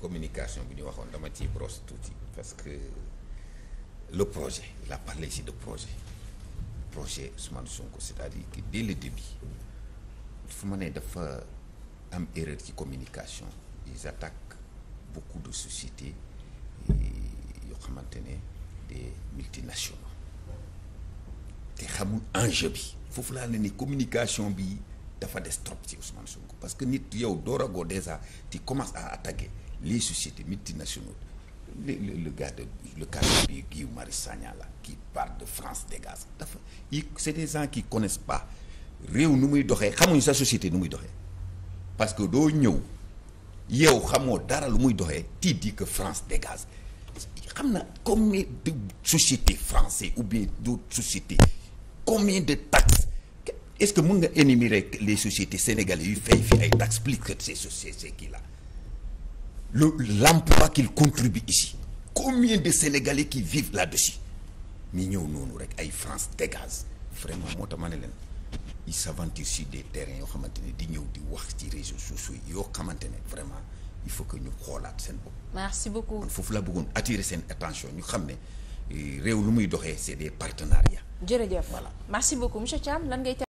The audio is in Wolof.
communication bi ñu waxoon dama ciy brosse tuuti parce que le projet la a parlé ici de projet projet Ousmane Sonko c'est-à-dire que dès le début fu ma ne dafa am erreur ci communication ils attaquent beaucoup de sociétés yoo xamante ne des multinationaux te xamul enjeu bi foofu laa ne ni communication bi dafa des trop ci Ousmane Sonko parce que nit yow dooragoo déjà tu commences à attaquer les sociétés multinationales le le le gars de le cas de Guy Marius Sagna la qui parle de France dégage dafa yi c'est des gens qui connaissent pas réew nu muy doxee xamuñu sa société nu muy doxee parce que doo ñëw yow xamoo dara lu muy doxee ti di que France dégage xam na combien de sociétés françaises ou bien d'autres sociétés combien de taxes est-ce que mën nga énumérer les sociétés sénégalaises yu fay fi ay taxes plus que ces sociétés kii la le l'emploi qu'il contribue ici combien de Sénégalais qui la là-dessus ñu ñëw noonu rek ay France dégage vraiment moo tax ma ne leen ils s'aventurent de des yoo xamante ne di ñëw di wax ci réseaux sociaux yoo xamante ne vraiment il faut que ñu xoolaat seen bopp. merci beaucoup foofu la bëggoon attirer seen attention ñu xam ne eh, réew lu muy doxee c'est des partenariats. jërëjëf voilà merci beaucoup monsieur Thiam lan ngay.